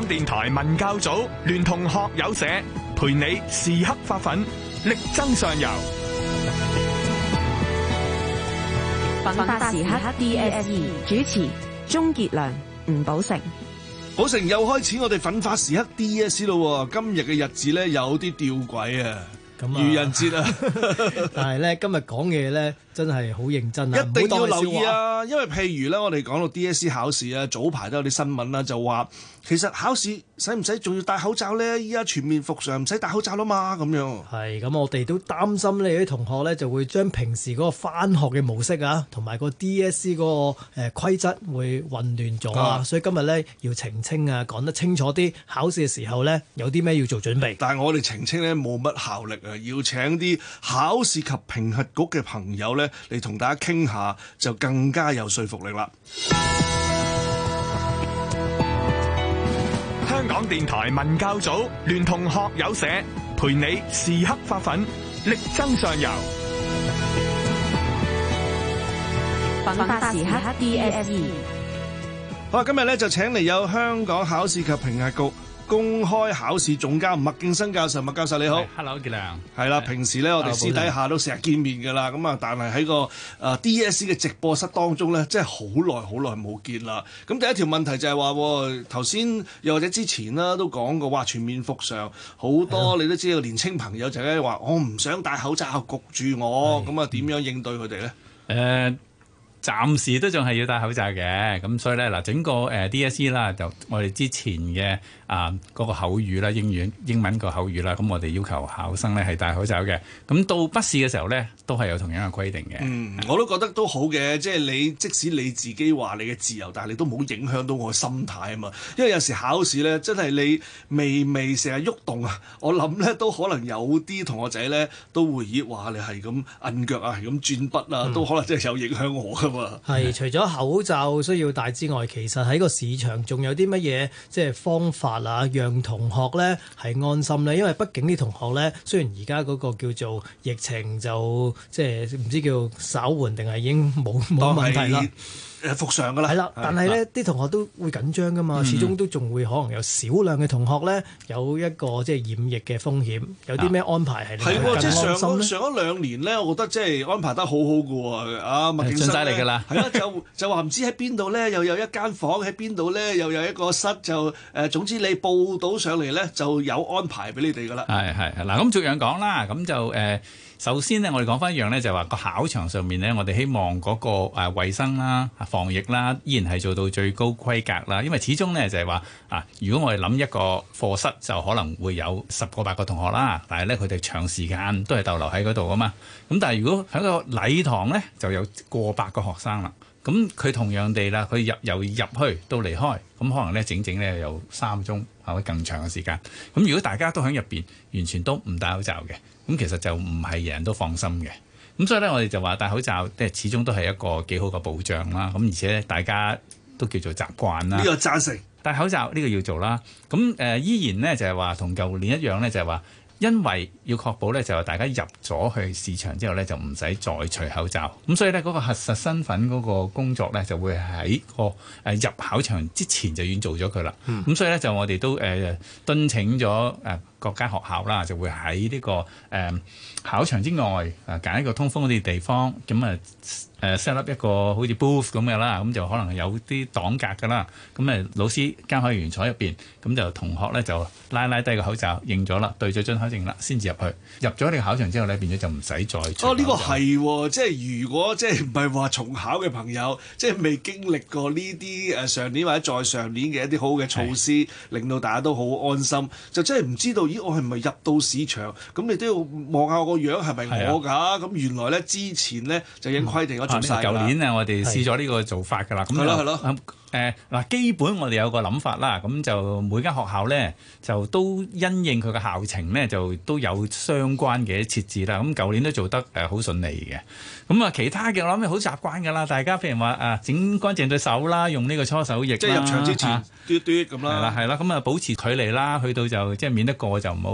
香港電台文教組聯同學友社，陪你時刻發奮，力爭上游。奮發時刻 D S E 主持：鍾杰良、吳寶成。寶成又開始我哋奮發時刻 真係好認真啊！一定要留意啊，因為譬如咧，我哋講到 DSE 考試啊，早排都有啲新聞啦，就話其實考試使唔使仲要戴口罩咧？依家全面復常，唔使戴口罩啦嘛，咁樣。係咁，我哋都擔心咧，有啲同學咧就會將平時嗰個翻學嘅模式啊，同埋個 DSE 嗰個誒規則會混亂咗啊，的所以今日咧要澄清啊，講得清楚啲，考試嘅時候咧有啲咩要做準備，但係我哋澄清咧冇乜效力啊，要請啲考試及評核局嘅朋友咧。嚟同大家傾下，就更加有說服力啦！香港電台文教組聯同學友社，陪你時刻發奮，力爭上游。奮發時刻 DSE。好啊，今日咧就請嚟有香港考試及評核局公開考試總監麥勁生教授，麥教授你好，Hello 傑亮，係啦，平時咧我哋私底下都成日見面嘅啦，咁啊，但係喺個誒、呃、DSE 嘅直播室當中咧，真係好耐好耐冇見啦。咁第一條問題就係話，頭、呃、先又或者之前啦，都講過話全面復常好多，Yeah. 你都知道年青朋友就係話我唔想戴口罩焗住我，咁啊點樣應對佢哋咧？誒、uh。暫時都仲係要戴口罩嘅，咁所以咧嗱，整個誒 DSE 啦，就我哋之前嘅啊嗰個口語啦，英語英文個口語啦，咁我哋要求考生咧係戴口罩嘅。咁到筆試嘅時候咧，都係有同樣嘅規定嘅。嗯，我都覺得都好嘅，即係你即使你自己話你嘅自由，但係你都冇影響到我嘅心態啊嘛。因為有時考試咧，真係你微微成日喐動啊，我諗咧都可能有啲同學仔咧都會話你係咁摁腳啊，咁轉筆啊，都可能真係有影響我嘅。係，除咗口罩需要戴之外，其實喺個市場仲有啲乜嘢即係方法啊，讓同學呢係安心呢？因為畢竟啲同學呢，雖然而家嗰個叫做疫情就即係唔知叫稍緩定係已經冇冇問題啦。復常噶啦，係啦，但係咧啲同學都會緊張噶嘛，始終都仲會可能有少量嘅同學咧有一個即係染疫嘅風險，有啲咩安排係？係喎，即係上一上一兩年咧，我覺得即係安排得好好嘅喎，啊麥勁生嚟㗎啦，係啊，就就話唔知喺邊度咧，又有一間房喺邊度咧，又有一個室，就誒總之你報到上嚟咧就有安排俾你哋㗎啦。係係嗱，咁逐樣講啦，咁就誒。首先呢，我哋講翻一樣呢，就係話個考場上面呢，我哋希望嗰個誒衞生啦、防疫啦，依然係做到最高規格啦。因為始終呢，就係話啊，如果我哋諗一個課室，就可能會有十個八個同學啦，但係呢，佢哋長時間都係逗留喺嗰度啊嘛。咁但係如果喺個禮堂呢，就有過百個學生啦。咁佢同樣地啦，佢入由入去到離開，咁可能呢，整整呢，有三鐘或者更長嘅時間。咁如果大家都喺入邊，完全都唔戴口罩嘅。咁其實就唔係人人都放心嘅，咁所以咧我哋就話戴口罩，即係始終都係一個幾好嘅保障啦。咁而且咧大家都叫做習慣啦。呢個贊成戴口罩呢個要做啦。咁誒、呃、依然呢，就係話同舊年一樣呢，就係、是、話因為要確保咧就係、是、大家入咗去試場之後呢，就唔使再除口罩。咁所以呢，嗰、那個核實身份嗰個工作呢，就會喺個誒入考場之前就已經做咗佢啦。咁、嗯、所以呢，就我哋都誒、呃、敦請咗誒。呃各間學校啦，就會喺呢、這個誒、嗯、考場之外，誒揀一個通風嗰啲地方，咁啊誒 set up 一個好似 booth 咁嘅啦，咁、嗯、就可能有啲擋格噶啦，咁、嗯、誒老師監考員坐入邊，咁、嗯、就同學咧就拉拉低個口罩，認咗啦，對咗準考證啦，先至入去。入咗呢個考場之後咧，變咗就唔使再。哦，呢、這個係、哦，即係如果即係唔係話重考嘅朋友，即係未經歷過呢啲誒上年或者再上年嘅一啲好嘅措施，是令到大家都好安心，就真係唔知道。咦！我係唔係入到市場？咁你都要望下我個樣係咪我㗎？咁、啊、原來咧之前咧就已經規定咗、嗯、做曬啦。舊年啊，去年我哋試咗呢個做法㗎啦。係咯係咯。誒嗱，基本我哋有個諗法啦，咁就每間學校咧就都因應佢嘅校情咧，就都有相關嘅設置啦。咁舊年都做得誒好順利嘅。咁啊，其他嘅我諗好習慣㗎啦。大家譬如話啊，整乾淨對手啦，用呢個搓手液啦，即係入場之前，嘟嘟咁咯。係啦，係啦，咁啊保持距離啦，去到就即係、就係、免得過就唔好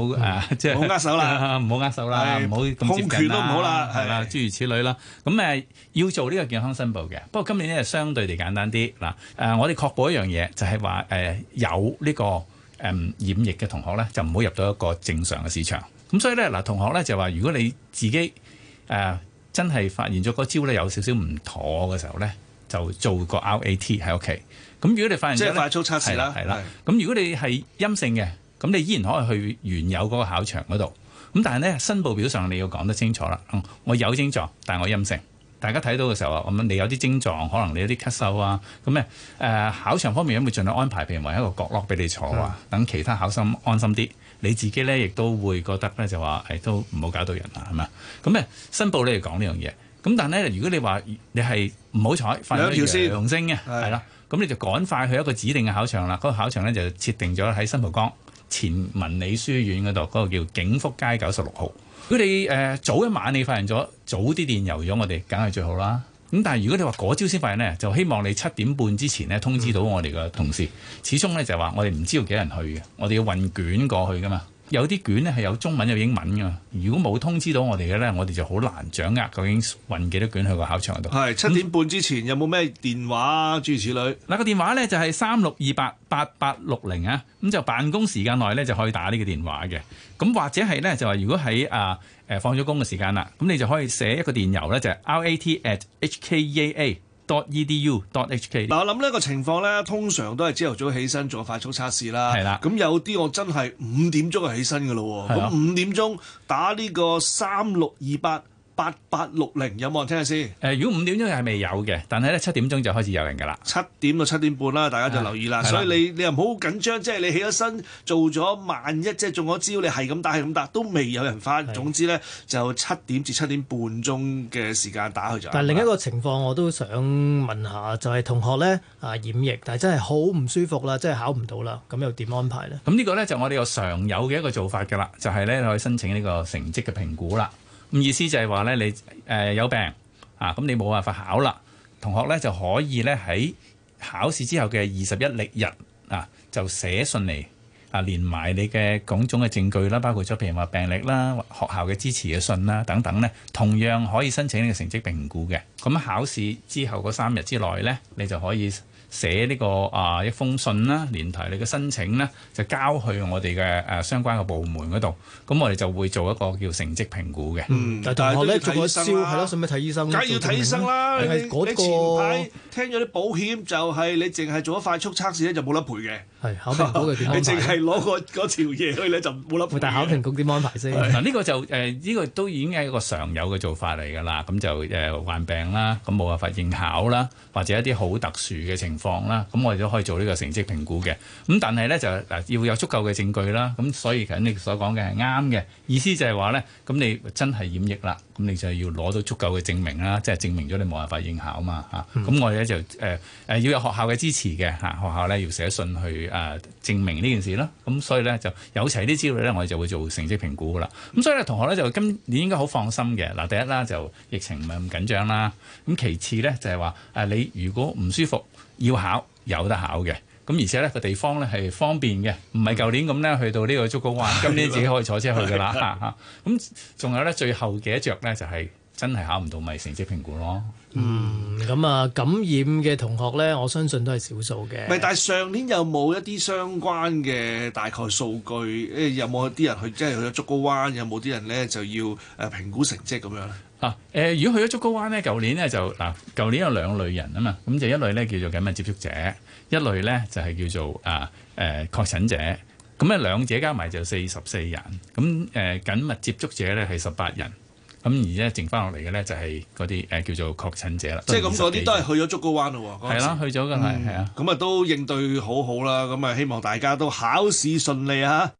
誒，即係唔好握手啦，唔好 握手啦，唔好咁接近啦，唔好啦，係啦后，諸是如此類啦。咁誒是要做呢個健康申報嘅，不過今年呢，係相對地簡單啲嗱。誒、啊，我哋確保一樣嘢，就係話誒有呢、這個誒、呃、染疫嘅同學咧，就唔好入到一個正常嘅試場。咁所以咧，嗱同學咧就話，如果你自己誒、呃、真係發現咗嗰朝咧有少少唔妥嘅時候咧，就做個 RAT 喺屋企。咁如果你發現咗，即係快速測試啦。係啦。咁的如果你係陰性嘅，咁你依然可以去原有嗰個考場嗰度。咁但係咧，申報表上你要講得清楚啦，嗯。我有症狀，但係我陰性。大家睇到嘅時候啊，咁你有啲症狀，可能你有啲咳嗽啊，咁咧誒考場方面有冇盡量安排譬如話一個角落俾你坐啊，等是的 其他考生安心啲，你自己咧亦都會覺得咧就話誒、哎、都唔好搞到人啦，係嘛？咁咧申報咧就講呢樣嘢，咁但咧如果你話你係唔好彩，兩條線陽性嘅，係啦，咁你就趕快去一個指定嘅考場啦，嗰、那個考場咧就設定咗喺新蒲崗前文理書院嗰度，嗰、那個叫景福街九十六號。佢哋誒早一晚你發現咗早啲電郵咗我哋，梗係最好啦。咁但係如果你話嗰朝先發現呢，就希望你七點半之前咧通知到我哋嘅同事。始終呢，就係話我哋唔知道幾多人去嘅，我哋要運卷過去噶嘛。有啲卷咧係有中文有英文噶，如果冇通知到我哋嘅咧，我哋就好難掌握究竟運幾多卷去個考場度。係七點半之前、嗯、有冇咩電話諸如此類？嗱個電話咧就係三六二八八八六零啊，咁就辦公時間內咧就可以打呢個電話嘅。咁或者係咧就話如果喺啊誒放咗工嘅時間啦，咁你就可以寫一個電郵咧，就係、是、RAT at, at hkaa。dot.edu.dot.hk 嗱，我諗呢個情況咧，通常都係朝頭早起身做快速測試啦。係啦的，咁有啲我真係五點鐘就起身嘅咯。係，咁五點鐘打呢個三六二八八八六零有冇人聽下先？誒、呃，如果五點鐘係未有嘅，但係咧七點鐘就開始有人噶啦。七點到七點半啦，大家就留意啦。所以你你又唔好緊張，即係你起咗身做咗，萬一即係中咗招，你係咁打，係咁打，都未有人翻。的總之咧，就七點至七點半鐘嘅時間打去咗。但係另一個情況我都想問下，就係同學咧啊染疫，但係真係好唔舒服啦，即係考唔到啦，咁又點安排呢？咁，嗯，呢個咧就我哋個常有嘅一個做法噶啦，就係咧可以申請呢個成績嘅評估啦。咁意思就係話咧，你誒有病啊，咁你冇辦法考啦。同學咧就可以咧喺考試之後嘅二十一曆日啊，就寫信嚟啊，連埋你嘅各種嘅證據啦，包括咗譬如話病歷啦、啊、學校嘅支持嘅信啦、啊、等等咧、啊，同樣可以申請你嘅成績評估嘅。咁、啊、考試之後嗰三日之內咧，你就可以。寫呢個啊一封信啦，連提你嘅申請咧，就交去我哋嘅誒相關嘅部門嗰度。咁我哋就會做一個叫成績評估嘅。嗯，但同學咧做過消係咯，使唔使睇醫生咧？梗係要睇醫生啦。你前排聽咗啲保險就係你淨係做咗快速測試咧就冇得賠嘅。係，你淨係攞個條嘢去呢，就冇得賠。但考評局點安排先？嗱，呢個就誒呢個都已經係一個常有嘅做法嚟㗎啦。咁就誒患病啦，咁冇辦法應考啦，或者一啲好特殊嘅情況。放啦，咁我哋都可以做呢個成績評估嘅。咁但係呢，就嗱要有足夠嘅證據啦。咁所以，其實你所講嘅係啱嘅意思就係話呢，咁你真係染疫啦，咁你就要攞到足夠嘅證明啦，即係證明咗你冇辦法應考嘛嚇。咁、嗯、我哋咧就誒誒、呃、要有學校嘅支持嘅嚇，學校呢，要寫信去誒、呃、證明呢件事啦。咁所以呢，就有齊啲資料呢，我哋就會做成績評估噶啦。咁所以呢，同學呢，就今年應該好放心嘅嗱。第一啦，就疫情唔係咁緊張啦。咁其次呢，就係話誒，你如果唔舒服。要考有得考嘅，咁而且呢個地方呢係方便嘅，唔係舊年咁呢去到呢個竹篙灣， 今年自己可以坐車去嘅啦。咁仲有呢最後嘅一著呢，就係真係考唔到咪成績評估咯。嗯，咁啊感染嘅同學呢，我相信都係少數嘅。唔係，但係上年有冇一啲相關嘅大概數據？誒，有冇啲人去即係、就是、去咗竹篙灣？有冇啲人呢就要誒評估成績咁樣？啊、呃，如果去咗竹篙灣咧，舊年咧就嗱，舊年有兩類人啊嘛，咁就一類咧叫做緊密接觸者，一類咧就係、是、叫做啊誒、呃、確診者，咁咧兩者加埋就四十四人，咁誒、呃、緊密接觸者咧係十八人，咁而咧剩翻落嚟嘅咧就係嗰啲誒叫做確診者啦。即係咁，嗰啲都係去咗竹篙灣咯。係、那、啦、個啊，去咗嘅係，係、嗯、啊，咁啊都應對好好啦，咁啊希望大家都考試順利嚇。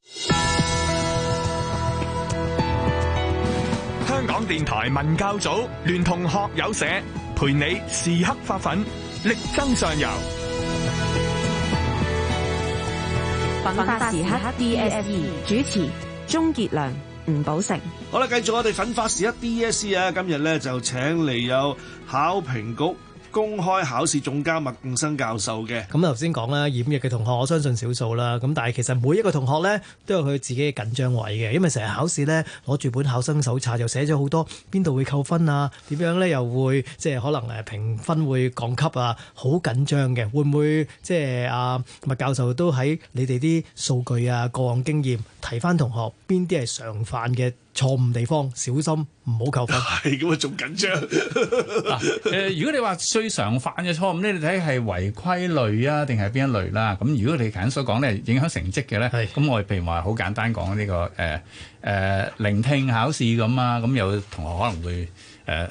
香港電台文教組聯同學友社陪你時刻發奮，力爭上游。奮發時刻 D S E 主持鍾杰良、吳寶成。好啦，繼續我哋奮發時刻 D S E 啊，今日咧就請嚟有考評局。公開考試總監麥勁生教授嘅。咁頭先講啦，染疫嘅同學我相信少數啦。咁但係其實每一個同學咧都有佢自己嘅緊張位嘅，因為成日考試咧攞住本考生手冊，又寫咗好多邊度會扣分啊，點樣咧又會即係可能誒評分會降級會會啊，好緊張嘅。會唔會即係阿麥教授都喺你哋啲數據啊，過往經驗？提翻同學邊啲係常犯嘅錯誤地方，小心唔好扣分。係咁啊，仲緊張。嗱，誒，如果你話最常犯嘅錯誤咧，你睇係違規類啊，定係邊一類啦，啊？咁如果你近所講咧，影響成績嘅咧，咁係我哋譬如話好簡單講呢、呢個誒誒、呃呃、聆聽考試咁啊，咁、嗯、有同學可能會誒。呃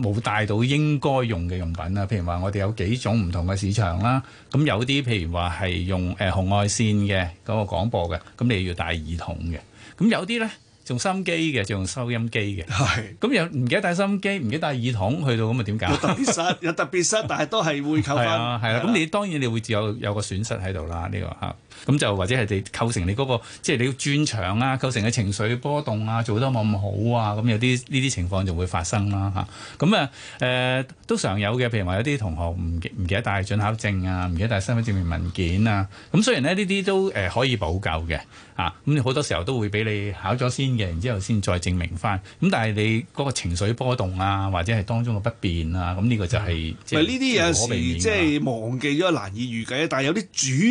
冇帶到應該用嘅用品啦，譬如話我哋有幾種唔同嘅試場啦，咁有啲譬如話係用誒紅外線嘅嗰個廣播嘅，咁你要帶耳筒嘅，咁有啲咧。仲收音機嘅，仲用收音機嘅，係咁是、嗯、又唔記得帶收音機，唔記得帶耳筒，去到咁啊點搞？有特別室，有特別室， 但係都係會扣分。係啊，咁你當然你會有有個損失喺度啦，呢、這個嚇。咁就或者係你構成你嗰、那個，即係你要轉場啊，構成嘅情緒波動啊，做得冇咁好啊，咁、嗯、有啲呢啲情況就會發生啦嚇。咁啊誒都常有嘅，譬如話有啲同學唔唔記得帶準考證啊，唔記得帶身份證明文件啊。咁雖然咧呢啲都誒可以補救嘅。啊，咁你好多時候都會俾你考咗先嘅，然之後先再，再證明翻。咁但係你嗰個情緒波動啊，或者係當中嘅不便啊，咁、這、呢個就係唔係呢啲有時即係、啊、忘記咗難以預計啊。但係有啲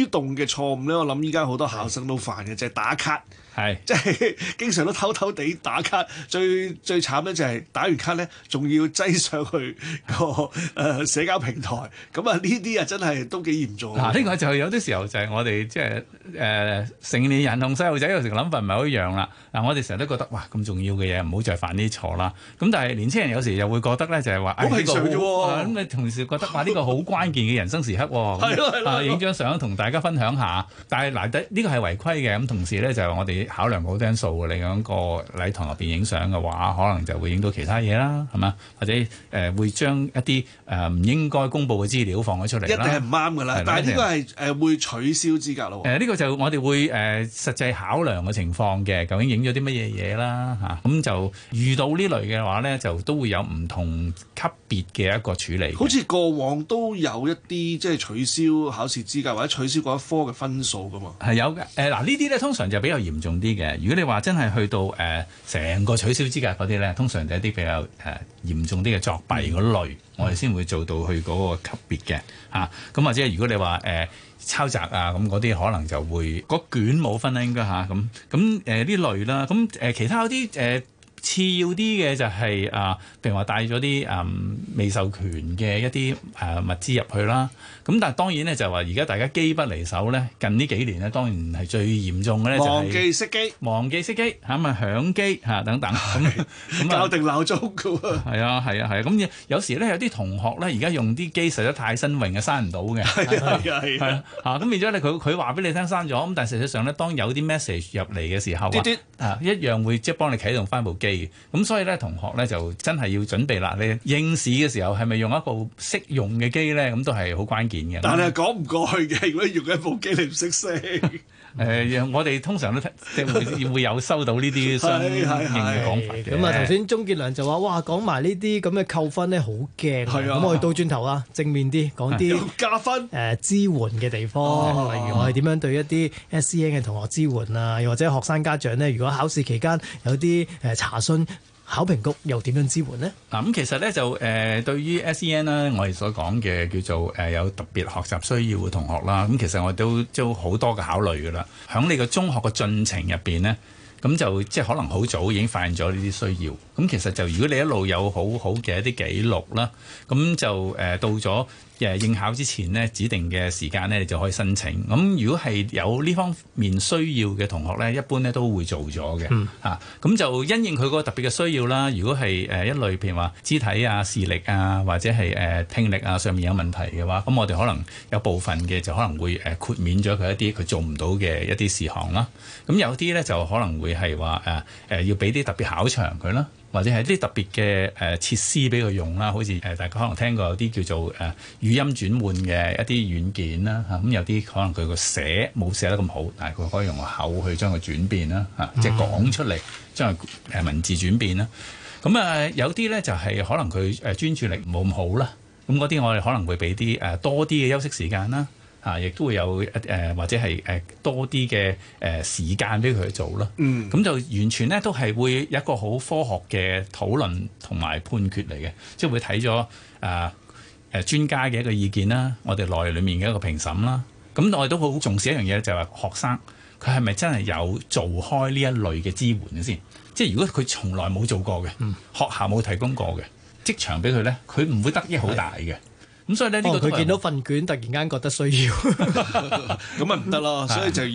主動嘅錯誤咧，我諗依家好多考生都煩嘅，對就係打卡。係，即係是 經常都偷偷地打卡，最最慘咧就係打完卡咧，仲要擠上去個誒社交平台。咁啊呢啲啊真係都幾嚴重。嗱、啊、呢、這個就係有啲時候就係我哋即係誒成年人同細路仔有時諗法唔係一樣啦。啊，我哋成日都覺得哇咁重要嘅嘢唔好再犯呢啲錯啦。咁但係年青人有時又會覺得咧就係、是、話，咁係上啫喎。咁你、哎這個啊、同時覺得話呢、這個好關鍵嘅人生時刻、哦，係咯影張相同大家分享下。但係嗱，呢呢個係違規嘅。咁同時咧就係我哋。考量好啲數，你講個禮堂入邊影相嘅話，可能就會影到其他嘢啦，係嘛？或者誒、呃、會將一啲誒唔應該公佈嘅資料放咗出嚟，一定係唔啱㗎啦。的但係呢個係誒會取消資格咯。誒呢、呃呢個就我哋會誒、呃、實際考量嘅情況嘅，究竟影咗啲乜嘢嘢啦嚇？咁、啊嗯、就遇到呢類嘅話咧，就都會有唔同級別嘅一個處理。好似過往都有一啲即係取消考試資格或者取消嗰一科嘅分數㗎嘛。係有嘅。誒、呃、嗱呢啲咧通常就比較嚴重。啲嘅，如果你話真係去到誒成個取消資格嗰啲咧，通常就係一啲比較誒嚴重啲嘅作弊嗰類，我哋先會做到去嗰個級別嘅嚇。咁或者如果你話誒抄襲啊，咁嗰啲可能就會嗰、那個、卷冇分啦，應該嚇咁。咁誒呢類啦，咁、啊、誒其他啲誒、呃、次要啲嘅就係、是、啊，譬如話帶咗啲誒未授權嘅一啲誒、啊、物資入去啦。啊。咁但係當然咧，就係話而家大家機不離手咧。近呢幾年呢，當然係最嚴重嘅咧，就係忘記熄機，忘記熄機嚇咪響機嚇，等等咁，搞定鬧鐘噶喎。係啊，係啊，係。咁有時咧，有啲同學咧，而家用啲機實在太新穎啊，閂唔到嘅。係啊，咁，變咗佢佢話俾你聽閂咗，咁但係實際上咧，當有啲 message 入嚟嘅時候，嘟嘟一樣會即係幫你啟動翻部機。咁所以咧，同學咧就真係要準備啦。你應試嘅時候係咪用一部適用嘅機咧？咁都係好關鍵。但係講唔過去嘅，如果用一部機你唔識識。誒，我哋通常都會會有收到呢啲相應嘅講法嘅、 哎。咁啊，頭先、嗯、鍾健良就話，哇，講埋呢啲咁嘅扣分咧，好驚。係啊。咁我哋倒轉頭啊，正面啲講啲加分。誒、呃，支援嘅地方，哦、例如我哋點樣對一啲 S C N 嘅同學支援啊，又或者學生家長咧，如果考試期間有啲誒查詢。考評局又點樣支援呢？嗱，咁其實咧就誒，對於 S.E.N. 咧，我哋所講嘅叫做誒有特別學習需要嘅同學啦，咁其實我都都好多嘅考慮噶啦。喺你嘅中學嘅進程入邊呢，咁就即係可能好早已經發現咗呢啲需要。咁其實就如果你一路有好好嘅一啲記錄啦，咁就誒到咗。誒應考之前咧，指定嘅時間呢你就可以申請。咁如果係有呢方面需要嘅同學咧，一般咧都會做咗嘅。嚇、嗯，咁、啊、就因應佢個特別嘅需要啦。如果係誒一類，譬如話肢體啊、視力啊，或者係誒聽力啊上面有問題嘅話，咁我哋可能有部分嘅就可能會誒豁免咗佢一啲佢做唔到嘅一啲事項啦。咁有啲呢，就可能會係話誒誒要俾啲特別考場佢啦。或者係啲特別嘅誒、呃、設施俾佢用啦，好似誒、呃、大家可能聽過有啲叫做誒、呃、語音轉換嘅一啲軟件啦嚇，咁、啊、有啲可能佢個寫冇寫得咁好，但係佢可以用個口去將佢轉變啦嚇、啊，即係講出嚟將誒、呃、文字轉變啦。咁啊有啲咧就係、是、可能佢誒專注力冇咁好啦，咁嗰啲我哋可能會俾啲誒多啲嘅休息時間啦。啊啊，亦都會有一誒、呃、或者係誒、呃、多啲嘅誒時間俾佢做咯。嗯，咁就完全咧都係會有一個好科學嘅討論同埋判決嚟嘅，即係會睇咗啊誒專家嘅一個意見啦，我哋內裏面嘅一個評審啦。咁我哋都好重視一樣嘢，就係話學生佢係咪真係有做開呢一類嘅支援先？即係如果佢從來冇做過嘅，嗯、學校冇提供過嘅職場俾佢咧，佢唔會得益好大嘅。咁所以咧，呢、哦、個佢見到份卷突然間覺得需要，咁咪唔得咯？所以就要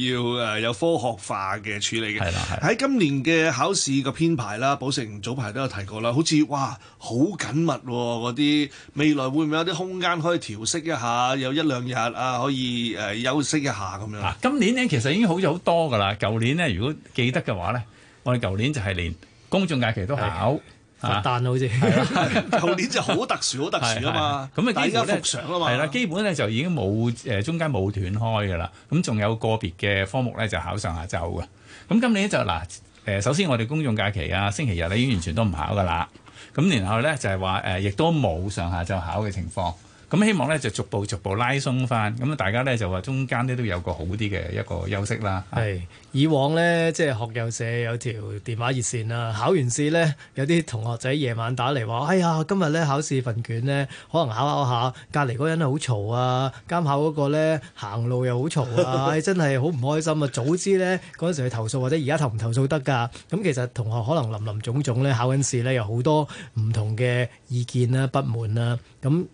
誒有科學化嘅處理嘅。係啦，喺今年嘅考試嘅編排啦，保成早排都有提過啦。好似哇，好緊密喎、啊，嗰啲未來會唔會有啲空間可以調適一下？有一兩日啊，可以誒休息一下咁樣、啊。今年咧，其實已經好咗好多㗎啦。舊年咧，如果記得嘅話咧，我哋舊年就係連公眾假期都係考。佛誕好似，舊、啊啊、 年就好特殊，好特殊啊嘛。咁啊，大家復常啦嘛。係啦，基本咧就已經冇誒中間冇斷開嘅啦。咁仲有個別嘅科目咧就考上下晝嘅。咁今年咧就嗱誒，首先我哋公眾假期啊，星期日咧已經完全都唔考噶啦。咁然後咧就係話誒，亦都冇上下晝考嘅情況，咁希望咧就逐步逐步拉鬆翻，咁啊大家咧就話中間咧都有個好啲嘅一個休息啦。係以往呢，即係學友社有條電話熱線啊，考完試呢，有啲同學仔夜晚打嚟話：哎呀，今日咧考試份卷呢，可能考考下，隔離嗰人好嘈啊，監考嗰個咧行路又好嘈啊， 真係好唔開心啊！早知呢嗰陣時去投訴，或者而家投唔投訴得㗎？咁其實同學可能林林總總咧考緊試呢，有好多唔同嘅意見啦、啊、不滿啦、啊，咁。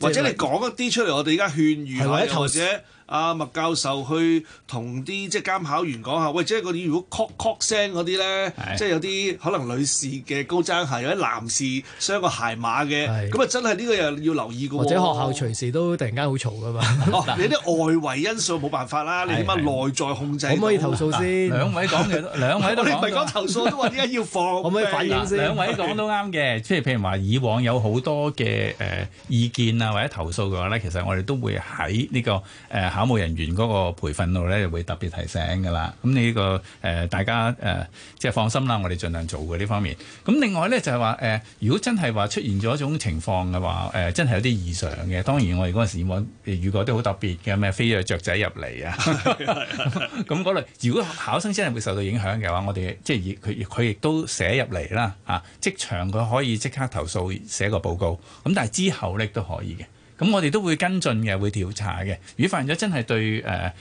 或者你講一啲出嚟，我哋而家勸喻下吧或者。阿麥教授去同啲即係監考員講下，喂，即係啲如果轟轟聲嗰啲咧，即係有啲可能女士嘅高踭鞋，有啲男士傷個鞋碼嘅，咁啊真係呢個又要留意嘅。或者學校隨時都突然間好嘈㗎嘛？你啲外圍因素冇辦法啦，你點解內在控制。可唔可以投訴先？兩位講嘅，兩位都。你唔係講投訴，都話點解要放？可唔可以反映先？兩位講都啱嘅，即係譬如話以往有好多嘅誒意見啊，或者投訴嘅話咧，其實我哋都會喺呢個誒。考務人員嗰個培訓度咧，會特別提醒噶啦。咁你呢、這個誒、呃，大家誒、呃，即係放心啦。我哋盡量做嘅呢方面。咁另外咧就係話誒，如果真係話出現咗一種情況嘅話，誒、呃、真係有啲異常嘅。當然我哋嗰陣時要揾遇過啲好特別嘅咩飛咗雀仔入嚟啊。咁嗰類，如果考生真係會受到影響嘅話，我哋即係佢佢亦都寫入嚟啦。嚇、啊，即場佢可以即刻投訴寫個報告。咁但係之後咧都可以嘅。咁我哋都會跟進嘅，會調查嘅。如果發現咗真係對誒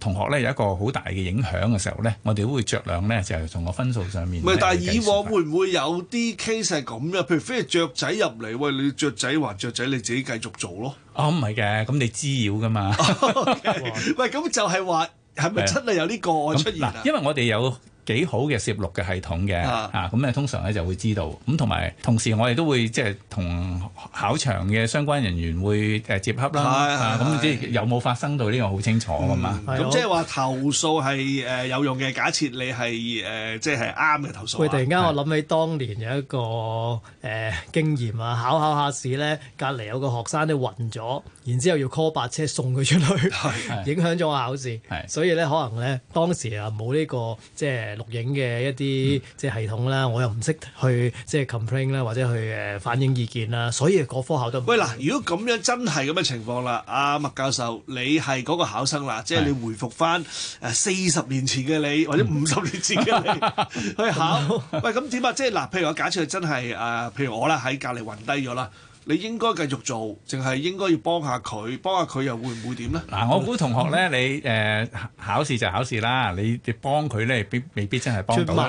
同學咧有一個好大嘅影響嘅時候咧，我哋都會酌量咧就從個分數上面。唔係，但係以往會唔會有啲 case 係咁嘅？譬如飛隻雀仔入嚟，喂，你雀仔還雀仔，你自己繼續做咯。哦，唔係嘅，咁你滋擾噶嘛？喂，咁就係話係咪真係有呢個出現？因為我哋有。幾好嘅攝錄嘅系統嘅的啊，咁咧通常咧就會知道咁，同埋同時，我哋都會即係同考場嘅相關人員會誒接洽啦，咁即係有冇發生到呢個好清楚噶嘛？咁即係話投訴係誒有用嘅。假設你係誒即係啱嘅投訴。啊，喂的！突然間我諗起當年有一個誒，呃、經驗啊，考考下試咧，隔離有個學生都暈咗。然之後要 call 白車送佢出去，影響咗我考試，所以咧可能咧當時啊冇呢個即係錄影嘅一啲即係系統啦，我又唔識去即係 complain 啦，或者去誒反映意見啦，所以嗰科考得。喂嗱，如果咁樣真係咁嘅情況啦，阿麥教授，你係嗰個考生啦，即係你回覆翻誒四十年前嘅你，或者五十年前嘅你去考，喂咁點啊？即係嗱，譬如我假設真係誒，譬如我啦喺隔離暈低咗啦。你應該繼續做，淨係應該要幫下佢，幫下佢又會唔會點呢？嗱，我估同學咧，你誒考試就考試啦，你幫佢咧，未必真係幫到嘅。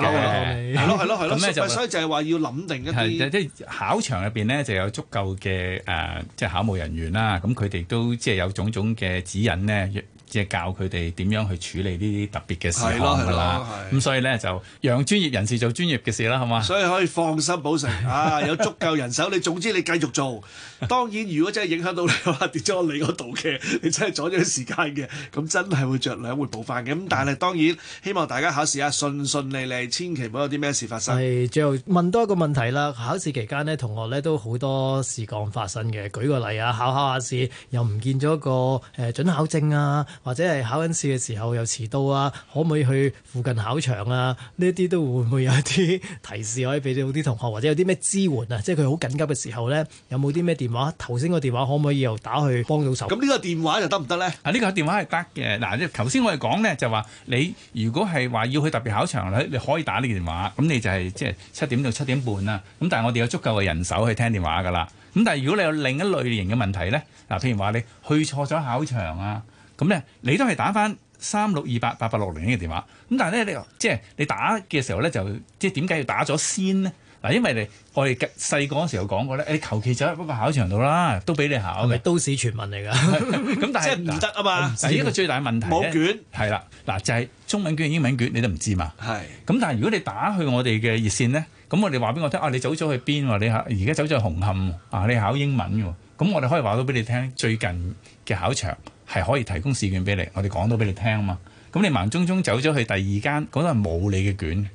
係咯係咯係咯。咁咧就所以就係話要諗定一啲。係即係考場入邊咧就有足夠嘅誒，即係考務人員啦。咁佢哋都即係有種種嘅指引咧。即係教佢哋點樣去處理呢啲特別嘅事項㗎啦。咁吧所以咧就讓專業人士做專業嘅事啦，係嘛？所以可以放心保成，啊有足夠人手。 你總之你繼續做。當然，如果真係影響到你話跌咗你嗰度嘅，你真係阻咗啲時間嘅。咁真係會酌量會補返嘅。咁、嗯、的但係當然希望大家考試啊順順利利，千祈唔好有啲咩事發生。係最後問多一個問題啦。考試期間呢，同學咧都好多事項發生嘅。舉個例啊，考考下試又唔見咗個誒準考證啊。或者係考緊試嘅時候又遲到啊？可唔可以去附近考場啊？呢啲都會唔會有一啲提示可以俾到啲同學，或者有啲咩支援啊？即係佢好緊急嘅時候呢，有冇啲咩電話？頭先個電話可唔可以又打去幫到手？咁呢個電話就得唔得呢？啊，呢個電話係得嘅。嗱，即係頭先我哋講呢，就話你如果係話要去特別考場你可以打呢個電話。咁你就係、係、即係七點到七點半啦。咁但係我哋有足夠嘅人手去聽電話㗎啦。咁但係如果你有另一類型嘅問題呢，嗱，譬如話你去錯咗考場啊。咁咧、嗯，你都係打翻三六二八八八六零嘅電話。咁但係咧，你即係你打嘅時候咧，就即係點解要打咗先呢？嗱，因為我你我哋細個嗰時有講過咧，誒求其走喺嗰個考場度啦，都俾你考嘅。係咪都市傳聞嚟㗎？咁 但係是即係唔得啊嘛。嗱，依個最大問題冇卷係啦。嗱，就係、是、中文卷英文卷，你都唔知嘛。係是。咁、嗯、但係如果你打去我哋嘅熱線咧，咁我哋話俾我聽啊，你走咗去邊？你而家走咗去紅磡啊？你考英文㗎？咁我哋可以話到俾你聽最近嘅考場。係可以提供試卷俾你，我哋講到俾你聽啊嘛，咁你盲舂舂走咗去第二間，嗰度冇你嘅卷。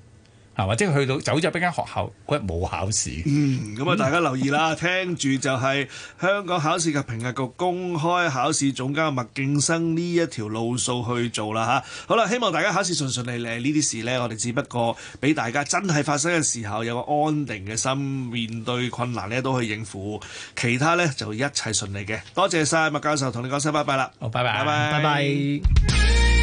係嘛？即去到走咗邊間學校，佢冇考試。嗯，咁啊，大家留意啦， 聽住就係香港考試及評核局公開考試總監麥勁生呢一條路數去做啦吓、啊，好啦，希望大家考試順順利利。呢啲事呢，我哋只不過俾大家真係發生嘅時候有個安定嘅心，面對困難呢都可以應付。其他呢，就一切順利嘅。多謝晒麥教授，同你講聲拜拜啦。好，拜拜，拜拜。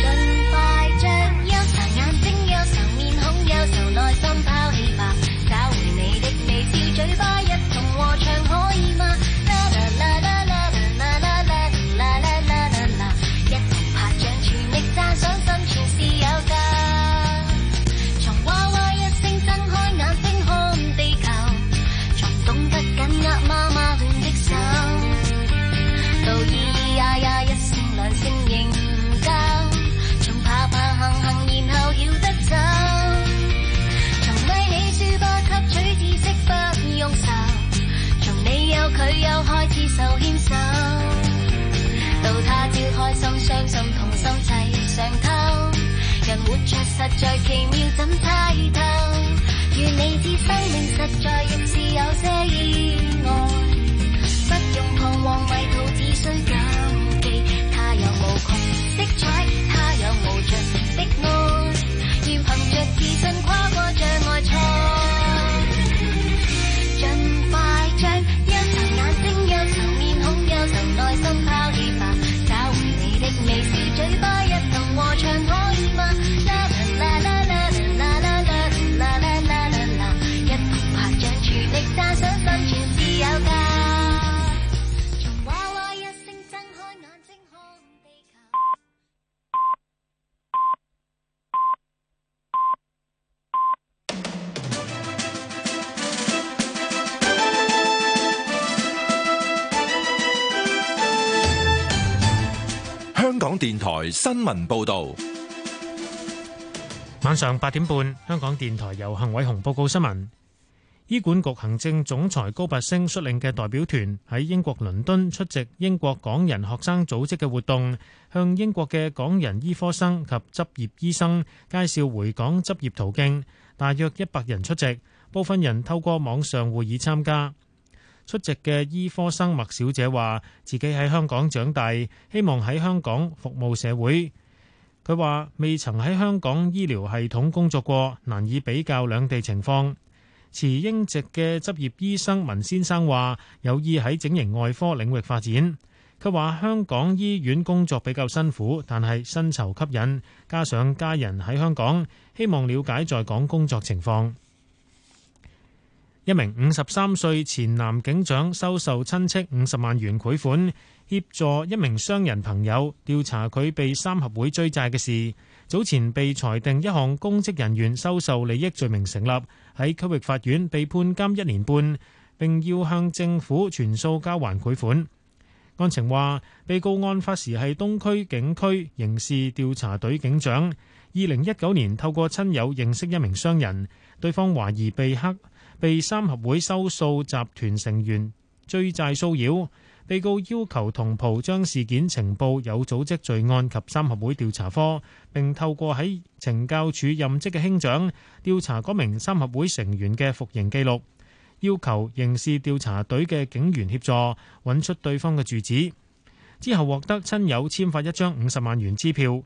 人活着實在奇妙，怎猜透？願你知生命實在亦是有些意外，不用彷徨迷途，只需。電台新聞報道，晚上八點半，香港電台由幸偉雄報告新聞。醫管局行政總裁高拔升率領嘅代表團喺英國倫敦出席英國港人學生組織嘅活動，向英國嘅港人醫科生及執業醫生介紹回港執業途徑。大約一百人出席，部分人透過網上會議參加。出席嘅醫科生麥小姐話，自己喺香港長大，希望喺香港服務社會。佢話未曾喺香港醫療系統工作過，難以比較兩地情況。持英籍嘅執業醫生文先生話有意喺整形外科領域發展。佢話香港醫院工作比較辛苦，但係薪酬吸引，加上家人喺香港，希望了解在港工作情況。一名五十三歲前男警長收受親戚五十萬元賄款，協助一名商人朋友調查佢被三合會追債嘅事。早前被裁定一項公職人員收受利益罪名成立，喺區域法院被判監一年半，並要向政府全數交還賄款。案情話，被告案發時係東區警區刑事調查隊警長，二零一九年透過親友認識一名商人，對方懷疑被黑，被三合會收數集團成員追債騷擾，被告要求同袍將事件呈報有組織罪案及三合會調查科，並透過喺懲教署任職嘅兄長調查嗰名三合會成員嘅服刑記錄，要求刑事調查隊嘅警員協助揾出對方嘅住址。之後獲得親友簽發一張五十萬元支票。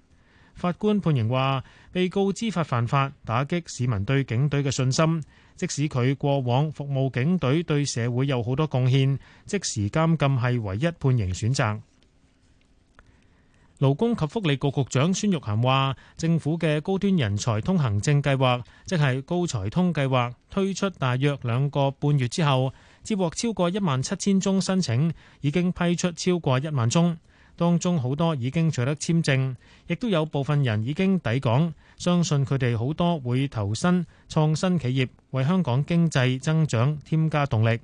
法官判刑話：被告知法犯法，打擊市民對警隊嘅信心。即使佢過往服務警隊對社會有好多貢獻，即時監禁係唯一判刑選擇。勞工及福利局局長孫玉菡話，政府嘅高端人才通行證計劃，即係高才通計劃推出大約兩個半月之後，接獲超過一萬七千宗申請，已經批出超過一萬宗，當中好多已經取得簽證，亦都有部分人已經抵港。相信佢哋好多會投身創新企業。為香港經濟增長添加動力。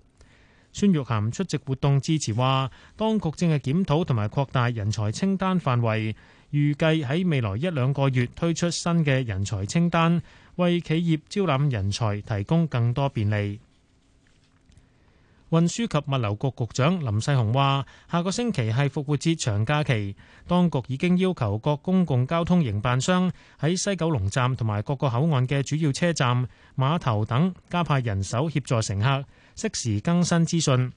孫玉菡出席活動致辭話，當局正係檢討同埋擴大人才清單範圍，預計喺未來一兩個月推出新嘅人才清單，為企業招攬人才提供更多便利。運輸及物流局局長林世雄話，下個星期係復活節長假期，當局已經要求各公共交通營辦商喺西九龍站同埋各個口岸嘅主要車站、碼頭等加派人手協助乘客，適時更新資訊。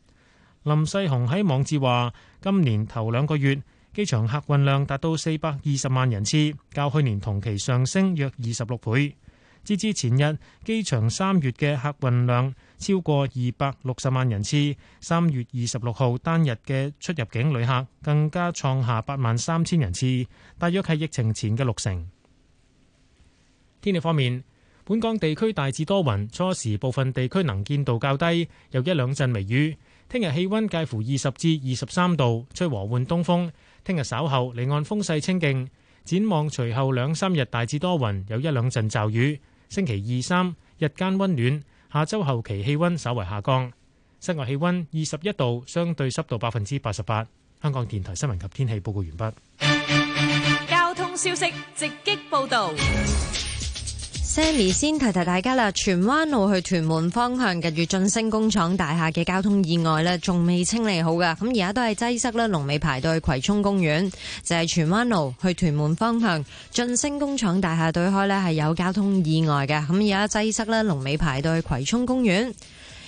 林世雄喺網誌話，今年頭兩個月機場客運量達到四百二十萬人次，較去年同期上升約二十六倍。截至前日，機場三月嘅客運量超過二百六十萬人次。三月二十六號單日嘅出入境旅客更加創下八萬三千人次，大約係疫情前嘅六成。天氣方面，本港地區大致多雲，初時部分地區能見度較低，有一兩陣微雨。聽日氣温介乎二十至二十三度，吹和緩東風。聽日稍後離岸風勢清勁。展望隨後兩三日大致多雲，有一兩陣驟雨。星期二三日間温暖，下周後期氣温稍為下降。室外氣温二十一度，相對濕度百分之八十八。香港電台新聞及天氣報告完畢。交通消息直擊報導。Sammy 先提提大家啦，荃灣路去屯門方向近住晉升工廠大廈嘅交通意外呢，仲未清理好噶。咁而家都係擠塞啦，龍尾排隊葵涌公園，就係荃灣路去屯門方向晉升工廠大廈對開呢，係有交通意外嘅。咁而家擠塞啦，龍尾排隊葵涌公園。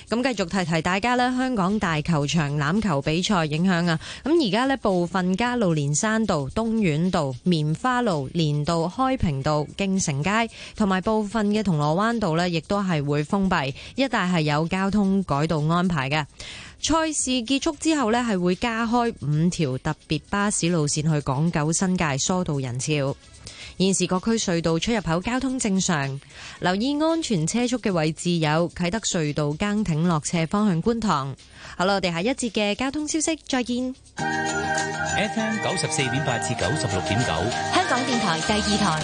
咁繼續提提大家咧，香港大球場欖球比賽影響啊！咁而家呢部分加路連山道、東苑道、棉花路、連道、開平道、京城街同埋部分嘅銅鑼灣道呢，亦都係會封閉，一帶係有交通改道安排嘅。賽事結束之後呢，係會加開五條特別巴士路線去港九新界，疏導人潮。現時各區隧道出入口交通正常，留意安全車速嘅位置有啟德隧道、崗挺落斜方向觀塘。好啦，我哋下一節嘅交通消息，再見。FM 九十四點八至九十六點九，香港電台第二台。